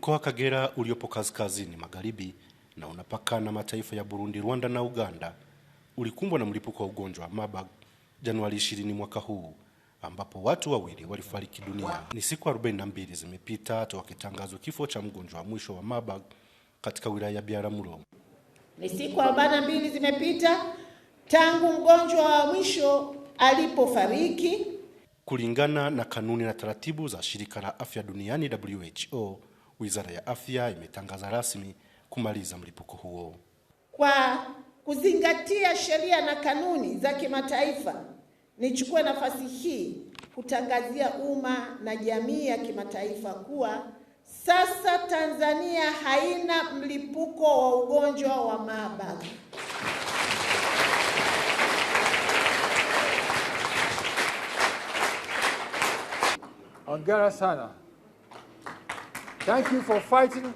Mkoa wa Kagera uliopo kaskazini magharibi na unapakana mataifa ya Burundi, Rwanda na Uganda ulikumbwa na mlipuko wa ugonjwa wa Marburg Januari 20 mwaka huu ambapo watu wawili walifariki dunia. Ni siku 42 zimepita toka kitangazo kifo cha mgonjwa wa mwisho wa Marburg katika wilaya ya Biharamulo. Ni siku 42 zimepita tangu mgonjwa wa mwisho alipofariki. Kulingana na kanuni na taratibu za shirika la afya duniani WHO, Wizara ya Afya imetangaza rasmi kumaliza mlipuko huo. Kwa kuzingatia sheria na kanuni za kimataifa, nichukue nafasi hii kutangazia umma na jamii ya kimataifa kuwa sasa Tanzania haina mlipuko wa ugonjwa wa Marburg. Hongera sana. Thank you for fighting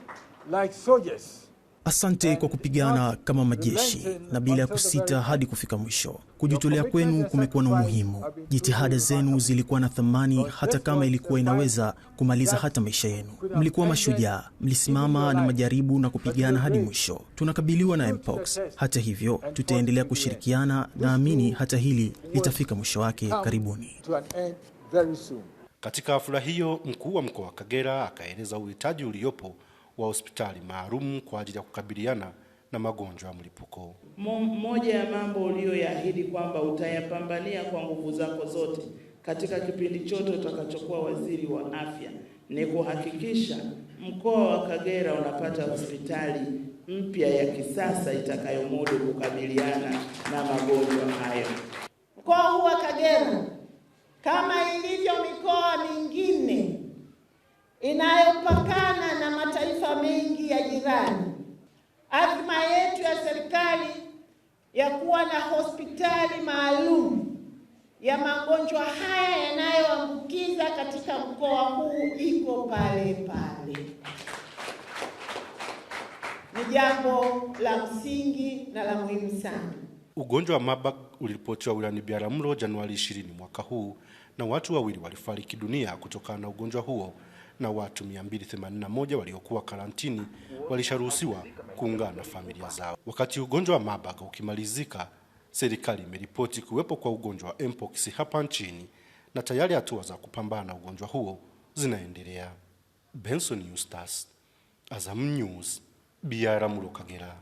like soldiers. Asante kwa kupigana kama majeshi na bila ya kusita hadi kufika mwisho. Kujitolea kwenu kumekuwa na umuhimu. Jitihada zenu zilikuwa na thamani, hata kama ilikuwa inaweza kumaliza hata maisha yenu. Mlikuwa mashujaa, mlisimama na majaribu na kupigana hadi mwisho. Tunakabiliwa na mpox, hata hivyo tutaendelea kushirikiana. Naamini hata hili litafika mwisho wake karibuni. Katika hafla hiyo, mkuu wa mkoa wa Kagera akaeleza uhitaji uliopo wa hospitali maalum kwa ajili ya kukabiliana na magonjwa ya mlipuko. Moja ya mambo uliyoyaahidi kwamba utayapambania kwa nguvu zako zote katika kipindi chote utakachokuwa waziri wa afya ni kuhakikisha mkoa wa Kagera unapata hospitali mpya ya kisasa itakayomudu kukabiliana na magonjwa hayo. Mkoa huu wa Kagera gani? Azma yetu ya serikali ya kuwa na hospitali maalum ya magonjwa haya yanayoambukiza katika mkoa huu iko pale pale. Ni jambo la msingi na la muhimu sana. Ugonjwa wa Marburg uliripotiwa wilayani Biaramlo Januari 20 mwaka huu na watu wawili walifariki dunia kutokana na ugonjwa huo na watu 281 waliokuwa karantini walisharuhusiwa kuungana na familia zao. Wakati ugonjwa wa Marburg ukimalizika, serikali imeripoti kuwepo kwa ugonjwa wa mpox hapa nchini na tayari hatua za kupambana na ugonjwa huo zinaendelea. Benson Eustace, Azam News, Biara Mulokagera.